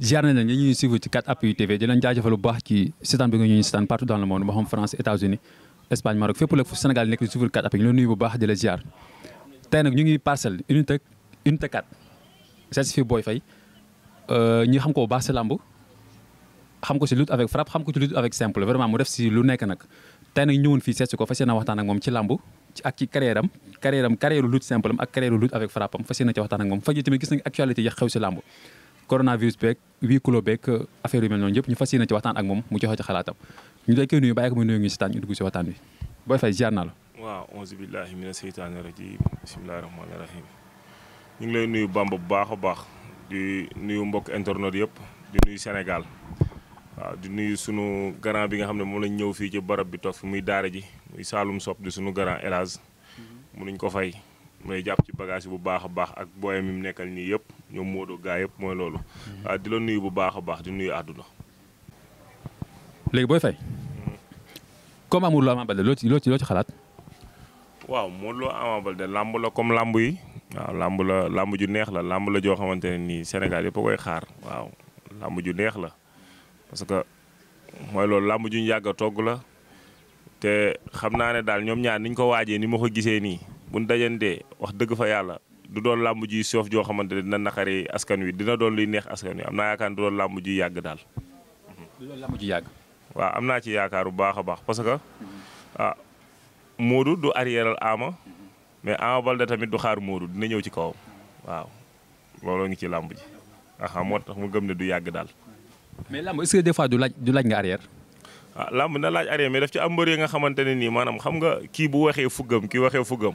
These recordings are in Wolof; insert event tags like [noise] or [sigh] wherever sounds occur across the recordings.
ziar nañ leen ñuy suivre ci 4appuis TV di leen jaajëfal bu baax ci seetaan bi nga ñuy seetaan partout dans le monde moo France États-Unis Espagne Maroc fépp la Sénégal nekk di suivre 4appuis ñu la nuyu bu baax di la ziar tey nag ñu ngi parcelle unité unité 4 seet fi Boy Faye euh, ñu xam ko bu baax si làmb xam ko si lutte avec frappe xam ko ci lutte lu nekk nag tey nag ñëwoon fii seet si ko fas yéene waxtaan ak moom ci làmb ak ci carrière am carrière am carrière lutte coronavirus beeg huis clos beeg euh, affaire yu mel noonu yëpp ñu fas yéene ci waxtaan ak moom mu joxe ci xalaatam ñu lay koy nuyu bàyyi ko mu nuyu ñu si waaw auzu billaahi mina seytaani rajiim bismillaahi rahmaani rahiim ñu ngi lay nuyu Bamba bu baax a baax di nuyu mbokk internet yëpp di nuyu Sénégal waaw di nuyu sunu grand bi nga xam ne moom lañ ñëw fii ci barab bi toog fi muy daara ji muy Saalum Sopp di sunu grand El Hadj mënuñ ko fay. mooy jàpp ci bagage yi bu baax a baax ak booyam yi mu nekkal nii yëpp ñoom Modou gaa yëpp mooy loolu. Mhm. Ah, di la nuyu bu baax a baax di nuyu àdduna. léegi booy fay. Mhm. comme amul lu Ama Baldé loo ci xalaat. waaw Modou Lo làmb la comme làmb yi. waaw làmb ju neex la làmb la joo xamante ne nii Sénégal yëpp a koy xaar waaw làmb ju neex la parce que mooy loolu làmb juñ ñu yàgg a togg la te xam naa ne daal ñoom ñaar niñ ko waajee ni ma ko gisee nii. bu ñu dajantee wax dëgg fa yàlla du doon làmb ji soof joo xamante ne dina naqari askan wi dina doon luy neex askan wi am na yaakaar du doon yàgg daal. du doon làmb ji yàgg. waaw am na ci yaakaar bu baax a baax parce que ah Modou du arrièral Ama mais Ama Baldé tamit du xaar Modou dina ñëw ci kawam waaw looloo ngi ci làmb ji aha ah, moo tax mu gëm ne du yàgg daal. mais làmb est-ce que des fois du laaj du ah, na laaj arrière mais daf ci am yi nga xamante ne nii maanaam xam nga kii bu waxee fuggam kii waxee fuggam.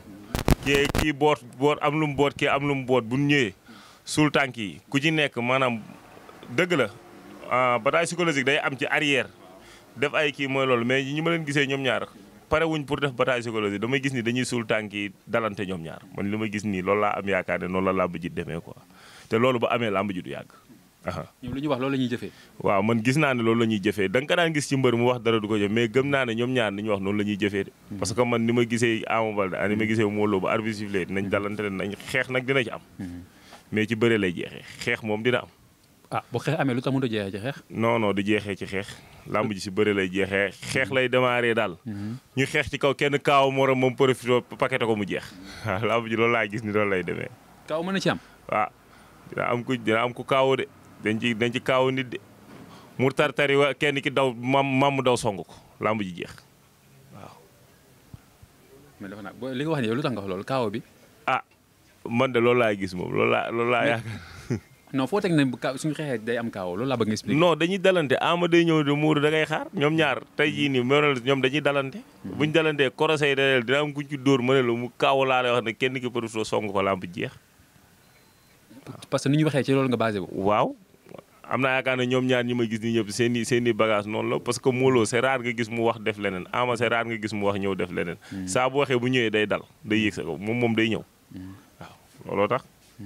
kii kii boot boot am lu mu boot kii am lu mu boot bu ñëwee suul tànk yi ku ci nekk maanaam dëgg la ah, bataille psychologique day am ci arrière def ay kii mooy loolu mais ñu ma leen gisee ñoom ñaar pare wuñ pour def bataille psychologique damay gis ni dañuy suul tànk yi dalante ñoom ñaar man li ma gis nii loolu laa am yaakaar ne noonu la làmb ji demee ko te loolu ba amee làmb ji du yàgg. ñoom lu ñu wax loolu la ñuy jëfee waaw man gis naa ne loolu la ñuy jëfee da nga ko daan gis ci mbër mu wax dara du ko jëf mais gëm naa ne ñoom ñaar ni ñu wax noonu la ñuy jëfee de mhm. parce que man ni ma gisee Ama Baldé ak ah, ni ma gisee Modou xeex nag dina am mhm. mais ci bëre lay xeex moom dina am ah bu xeex amee lu tax mënut a jeexee ci xeex du jeexee ci xeex làmb ji si bëre lay jeexee xeex lay démarré daal mhm. ñu xeex ci kaw kenn kaaw morom moom profité paqueté ko mu jeex waaw [laughs] ji loolu laa gis ni loolu lay demee kaaw mën na ci am waaw ah, dina am ku dina am ku kaaw de dañ ci dañ ci kaaw nit de mu tartari wa kenn ki daw mam mam daw song ko làmb ji jeex waaw. mais dafa li nga wax ni yow lu tax kaaw bi. ah man de loolu laa gis moom loolu laa loolu laa yaakaar. [laughs] non foo teg ne suñu xeexee day am kaaw loolu laa bëgg nga expliquer. dañuy dalante ama day ñëw de muuru da ngay xaar ñoom ñaar tey jii nii mënal ñoom dañuy dalante. Hmm. buñ dalantee korosé yi dina am kuñ ci dóor ma ne la mu kaaw laa lay wax ne kenn ki profité song ko làmb jeex. parce que ni ñu waxee ci loolu nga basé wu. waaw am na yaakaar ne ñoom ñaar ñi ma gis ni ñëpp seeni seeni seen i bagage noonu la parce que Molo c'est rare nga gis mu wax def leneen Ama c'est rare nga gis mu wax ñëw def leneen. Mm. saa bu waxee bu ñëwee day dal day yéeg sa ko moom moom day ñëw. Mm. waaw looloo tax. Mm.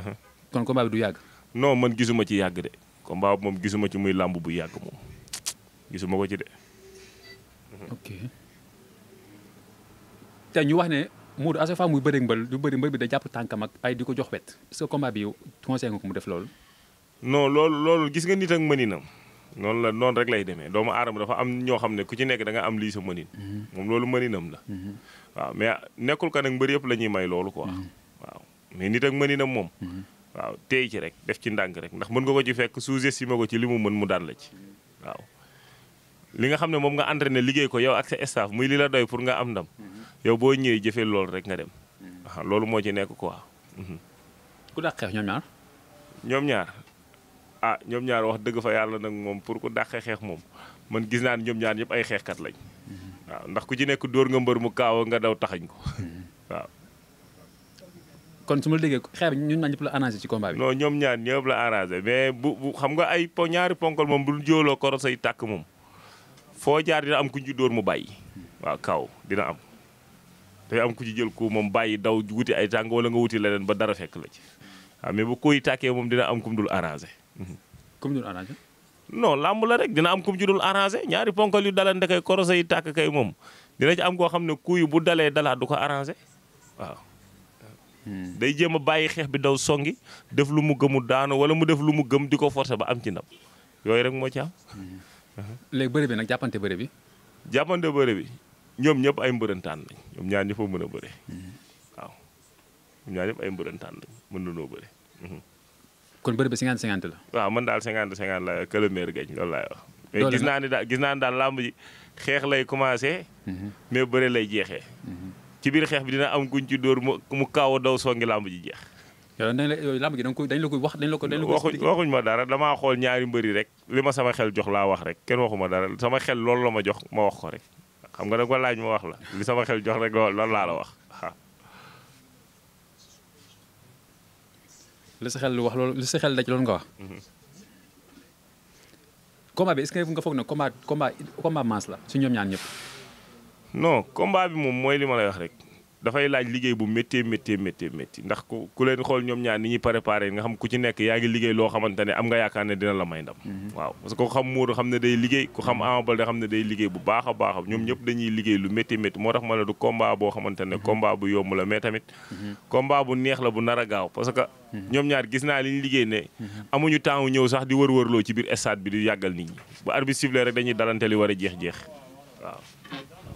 Uh-huh. kon combat bi du yàgg. non man gisuma ci yàgg de combat bi moom gisuma ci muy làmb bu yàgg moom gisuma ko ci de. Uh-huh. te ñu wax ne Modou à chaque fois muy bëri mbël du bëri mbël bi da jàpp tànkam ak ay di ko jox wet est-ce que combat bi ko mu def loolu. non loolu loolu gis nga nit ak mëninam noonu la noonu rek lay demee doomu aadama dafa am ñoo xam ne ku ci nekk da am lii sa mënin. Mhm. moom loolu mëninam la. Mhm. waaw mais nekkul ka nag mbër yëpp la ñuy may loolu quoi. Mhm. mais nit ak mëninam moom. waaw téy rek def ci ndànk rek ndax mën nga ko ci fekk sous-estimé ko ci li mu mën mu daan la ci waaw. li nga xam ne moom nga entraîné liggéey ko yow ak sa staff muy li la doy pour nga am ndam. yow boo ñëwee jëfee loolu rek nga dem. loolu moo ci nekk quoi. ku dàq xeex ñoom ñaar. ñoom ñaar. ah ñoom ñaar wax dëgg fa yàlla nag moom pour ku dàqee xeex moom man gis naa ne ñoom ñaar ñëpp ay xeexkat lañ mm-hmm. waaw ndax ku ci nekk dóor nga mbër mu kaaw nga daw taxañ ko mm-hmm. waaw. kon su ma déggee xeex bi ñun ñëpp la arrangé ci combat bi. non ñoom ñaar ñëpp la arrangé mais bu bu xam nga ay po ñaari ponkol moom bu jóoloo koros ay tàkk moom foo jaar dina am ku ñu dóor mu bàyyi. waaw kaw dina am te am ku ci jël ko moom bàyyi daw wuti ay tàng wala nga wuti leneen ba dara fekk la ci waaw mais bu koy tàkkee moom dina am kum dul arrangé. comme ñu arrangé. non làmb la rek dina am comme ci dul arrangé ñaari ponkal yu dalante kay korose yi tàkk kay moom dina ci am koo xam ne kuy bu dalee dalaa du ko arrangé waaw. Hmm. day jéem a bàyyi xeex bi daw songi def lu mu gëmu daanu wala mu def lu mu gëm di ko forcer ba am ci ndam yooyu rek moo ci am. Hmm. léegi bëre nag jàppante bëre bi. jàppante bëre bi ñoom ñëpp ay mbërëntaan lañ ñoom ñaar ñëpp a mën a bëre. Hmm. ay mbërëntaan lañ mën na noo bëre. kon bëri ba 50 50 la. waaw man daal 50 50 la que le meilleur gagne loolu wax. mais gis naa ni daal gis naa ni daal làmb ji xeex lay commencé. Mhm. mais bari lay jeexee. Mhm. ci biir xeex bi dina am guñ ci dóor mu mu kaaw a daw songi làmb ji jeex. yow dañ la yow làmb ji dañ ko dañ la koy wax dañ la ko dañ la ko. waxuñ ma dara damaa xool ñaari mbëri rek li ma sama xel jox laa wax rek kenn waxu ma dara sama xel loolu la ma jox ma wax ko rek xam nga da ko laaj ma wax la li sama xel jox rek loolu laa la wax. li sa xel wax loolu li sa xel daj loolu nga wax. combat bi est nga foog ne combat combat combat la si ñoom ñaan ñëpp. non combat bi moom mooy li ma lay wax rek. dafay laaj liggéey bu méttee méttee méttee métti ndax ku ku leen xool ñoom ñaar ni ñuy préparé nga xam ku ci nekk yaa ngi liggéey loo xamante ne am nga yaakaar ne dina la may ndam mhm. waaw parce que xam Modou xam ne day liggéey ku xam mhm. Ama ne day liggéey bu baax a baax ñoom ñëpp dañuy liggéey lu métti métti moo tax ma ne boo xamante ne mhm. combat bu yomb la mais tamit combat bu la bu nar gaaw parce que ñoom ñaar gis naa li liggéey ne amuñu temps ñëw sax di wër wërloo ci biir stade bi di yàggal nit ñi bu arbitre sifflé rek dañuy dalante li war a jeex jeex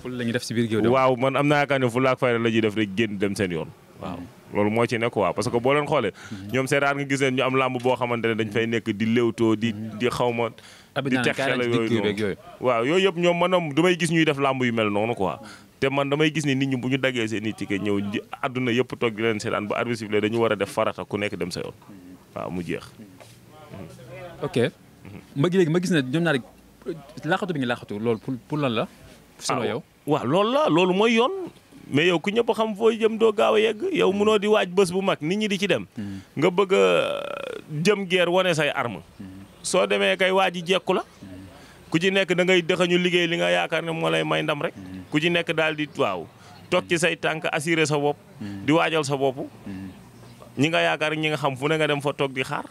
ful la ñuy def si biir géew waaw man am naa yaakaar ne ful ak fayda la ñuy def rek génn dem seen yoon waaw loolu moo ci nekk waaw parce que boo leen xoolee mm-hmm. ñoom seetaan nga gis leen ñu am làmb boo xamante ne dañ fay nekk di mm-hmm. yooyu noonu waaw yooyu yëpp ñoom gis ñuy def làmb yu mel noonu gis ni nit ñi bu ñu daggee seen i ticket ñëw di àdduna yëpp toog di leen seetaan ba arbitre sifflé dañu war a def farata ku nekk dem mm-hmm. ma léegi ma gis ne ñoom ñaar laaxatu bi nga laaxatu loolu pour pour lan la selon ah, yow waaw loolu la loolu mooy yoon mais yow ku ñëpp xam foo jëm doo gaaw a yegg yow mm. munoo di waaj bës bu mag nit ñi di ci dem. Mm. nga bëgg a jëm guerre wane say arme mm. soo demee kay waaj yi jekku la. ku ci nekk da ngay dëxañu liggéey li nga yaakaar ne moo lay may ndam rek. ku ci nekk daal di waaw toog ci say tànk assurer sa bopp. di waajal sa bopp. ñi nga yaakaar ñi nga xam fu ne nga dem fa toog di xaar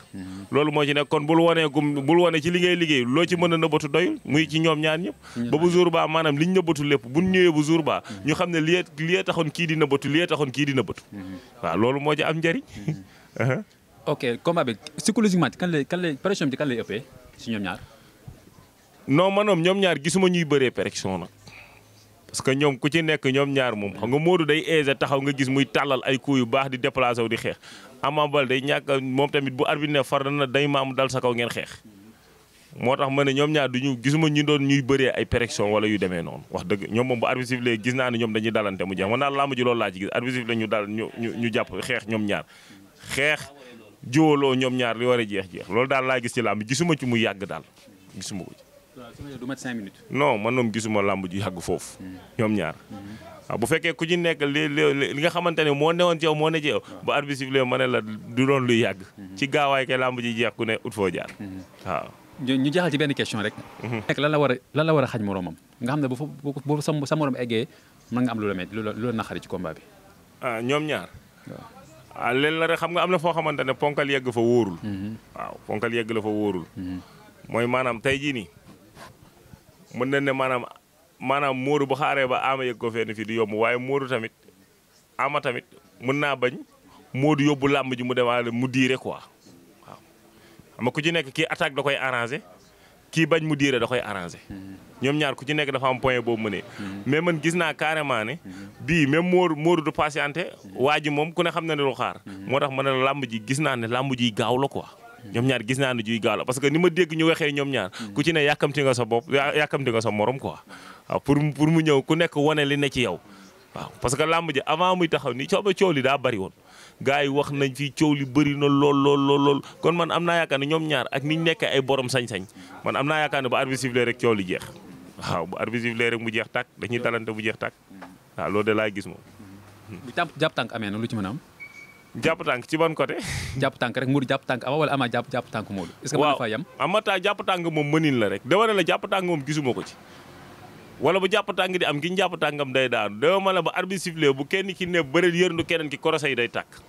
loolu moo ci nekk kon bul wanee gum bul wane ci li ngay liggéey loo ci mën a nëbbatu doyul muy ci ñoom ñaar ñëpp mm-hmm. ba bu jour ba maanaam liñ nëbbatu lépp bu ñëwee bu jour ba ñu xam ne lii lii kii di nëbbatu lii taxoon kii di nëbbatu mm-hmm. waa loolu moo ci am njariñ mm-hmm. uh-huh. ok comme bi psychologiquement kan lay kan lay pression bi kan lay ëppee si ñoom ñaar non manoom ñoom ñaar gisuma ñuy bëree pression na parce que ñoom ku ci nekk ñoom ñaar moom xam nga Modou day aisé taxaw nga gis muy tàllal ay coups yu baax di déplacé wu di xeex Ama Baldé day ñàkk moom tamit bu arbitre ne far na day maam dal sa kaw ngeen xeex. moo tax ma ne ñoom ñaar du ñu gisuma ñu doon ñuy bëree ay pression wala yu demee noonu wax dëgg ñoom moom bu arbitre sifflé gis naa ne ñoom dañuy dalante mu jeex man daal làmb ji loolu laa ci gis arbitre sifflé ñu dal ñu ñu jàpp xeex ñoom ñaar xeex jiwaloo ñoom ñaar li war a jeex jeex loolu daal laa gis ci làmb gisuma ci mu yàgg daal gisuma Euh, non man moom gisuma làmb ju yàgg foofu. ñoom ñaar. waaw ah, bu fekkee ku ci nekk li li nga xamante ne moo newoon ci yow moo ne ci yow. bu arbitre sifflé ma ne la du doon luy yàgg. Mhm. ci gaawaay kay làmb ji jeex ku ne ut foo jaar. Mhm. waaw. ñu jaaxal ci benn question rek. Mhm. lan la war a lan la war a xaj moroomam nga xam ne bu fa bu sa moroom eggee mën nga am lu la metti lu la naxari ci combat bi. Ah, ñoom ñaar. waaw ah, leen la rek xam nga am na foo xamante ne ponkal yegg fa wóorul. waaw ponkal yegg la fa wóorul. mooy maanaam tey jii mën na ne maanaam maanaam Modou bu xaaree ba Ama yëg ko fenn fii di yomb waaye mooru tamit Ama tamit mën naa bañ Modou yóbbu làmb ji mu demaale mu diire quoi waaw. ku ci nekk kii attaque da koy arrangé kii bañ mu diire da koy arrangé. Mm-hmm. ñoom ñaar ku ci nekk dafa am point boobu mu ne. Mm-hmm. mais man gis naa carrément ne. Mm-hmm. bii même Modou Modou du patienté. waa ji moom ku ne xam na ne lu xaar. moo tax ma ne làmb ji gis naa ne làmb ji gaaw la quoi. ñoom ñaar gis naa ne juy gaaw la parce que ni ma dégg ñu waxee ñoom ñaar mm. ku ci ne yàkkamti nga sa bopp yàkkamti nga sa morom quoi pour mu ñëw ku nekk wane li ne ci yow waaw parce que làmb ji avant muy taxaw ni cooba coow li daa bari woon gars yi wax nañ fi coow li bëri na lool lool lool lool kon man am naa yaakaar ne ñoom ñaar ak niñ nekkee ay borom sañ-sañ man am naa yaakaar ne ba arbitre sifflé rek coow li jeex waaw bu arbitre sifflé rek mu jeex tàkk dañuy talante mu jeex tàkk waaw loolu de laay gis moom. bu jàpp tànk amee na lu ci mën a jàpp tànk ci ban côté. jàpp tànk rek Modou jàpp tànk Ama wala Ama jàpp jàpp tànk Modou. est-ce que mën na faa yem waaw Amata jàpp tànk moom mënin la rek. dama ne la jàpp tànk moom gisuma ko ci. wala bu jàpp tànk di am ki jàpp tànkam day daanu dama la ba arbitre sifflé bu kenn ki ne bëri yërndu keneen ki korosé yi day tàkk.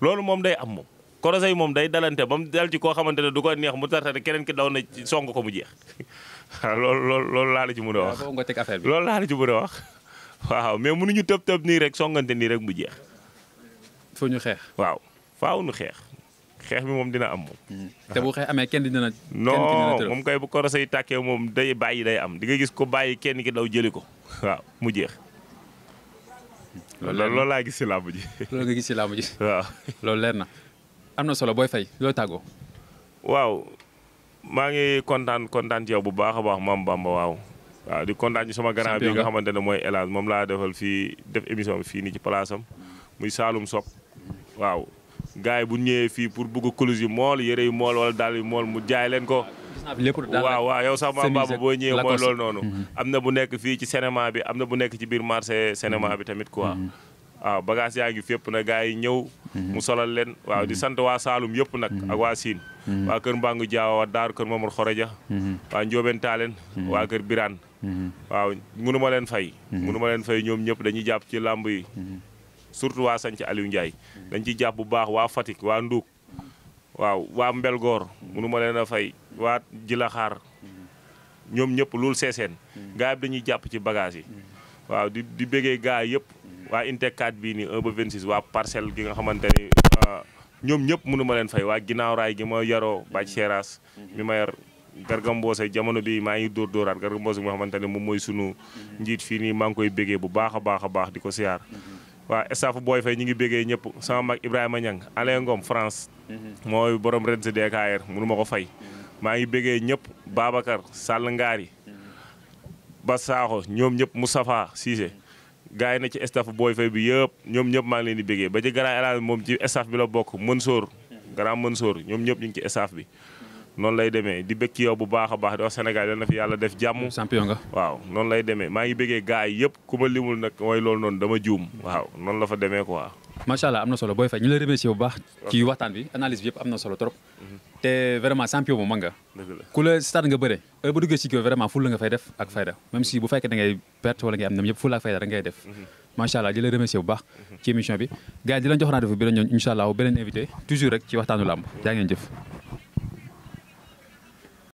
loolu moom day am moom korosé yi moom day dalante ba mu dal ci koo xamante ne du ko neex mu tartare keneen ki daw na song ko mu jeex [laughs] waaw loolu loolu loolu laa la ci mën a wax. waaw boobu nga teg affaire bi loolu laa la ci mën a wax [laughs] waaw mais mënuñu tëb tëb nii rek songante nii rek mu jeex foo ñu xeex. waaw faaw ñu xeex. xeex bi moom dina am moom. Hmm. te bu xeex amee kenn dina. non moom kay bu korose yi tàkkee moom day bàyyi day am di nga gis ko bàyyi kenn ki daw jëli ko waaw mu jeex. loolu loolu laa gis si làmb ji. [laughs] gis si làmb ji. waaw loolu leer na. am na solo booy fay looy tàggoo. waaw maa ngi kontaan kontaan ci yow bu baax a baax maam Bamba waaw. waaw di kontaan ci sama grand bi nga xamante ne mooy El moom laa defal fii def émission bi fii ci place muy Saalum Sopp waaw gars yi bu ñëwee fii pour bëgg coulisse yu mool yëre yu mool wala daal yu mool mu jaay leen ko waaw waaw yow sax maa baaba boo ñëwee mooy loolu noonu mhm. am na bu nekk fii ci cinéma bi am na bu nekk ci biir marché cinéma bi tamit quoi mhm. waaw bagage yaa ngi fépp na gars yi ñëw mhm. mu solal leen waaw di sant waa Saalum yëpp nag ak waa Siin waa kër Mbangu Jaawa waa Daaru kër Momar Xoroja waa Njóobeen Taaleen waa kër Biraan waaw mënu leen fay mënu ma leen fay ñoom ñëpp dañuy jàpp ci làmb yi surtout waa sanc Aliou Ndiaye dañ ci jàpp bu baax waa Fatick waa Nduuk waaw waa Mbelgoor munu ma leen a fay waa Jilaxaar ñoom ñëpp loolu seeseen gaa yi dañuy jàpp ci bagage yi waa di di bëggee gaa yëpp waa Intec bii nii 1 ba 26 waa parcelle gi nga xamante ni ñoom ñëpp mënu ma leen fay waa ginnaaw raay gi ma yaroo bàcc seeraas mi ma yar gargamboose jamono bii maa ngi door dóoraat gargamboose bi nga xamante ne moom mooy sunu njiit fii nii maa ngi koy béggee bu baax a baax a baax di ko siyaar waa staff booy fay ñu ngi béggee ñëpp sama mag Ibrahima Niang Alain Ngom France mm-hmm. mooy borom ren si DKR mënu ma ko fay mm-hmm. maa ngi béggee ñëpp Babacar Sall Ngaari mm-hmm. ba Saaxo ñoom ñëpp Moustapha Cissé gars yi na ci staff booy fay bi yëpp ñoom ñëpp maa leen di béggee ba ci garaan Elane moom ci staff bi la bokk Mansour garaan Mansour ñoom ñëpp ñu ci staff bi noonu lay demee di bëgg ci bu baax a baax di wax Sénégal yal def jàmm. champion nga waaw noonu lay demee maa ngi bëggee gars yëpp ku ma limul nag mooy loolu noonu dama juum. waaw noonu la fa demee quoi. macha allah am na solo booy Faye ñu lay remercier bu baax. ci bi analyse bi na solo trop. Mhm. te vraiment champion ku la stade nga bëre. heure bu duggee ci kii vraiment ful nga fay def ak fayda même si bu fekkee da ngay perte wala ngay mhm. mhm. bi gars yi di leen jox rendez-vous toujours ci waxtaanu làmb jaa ngeen jëf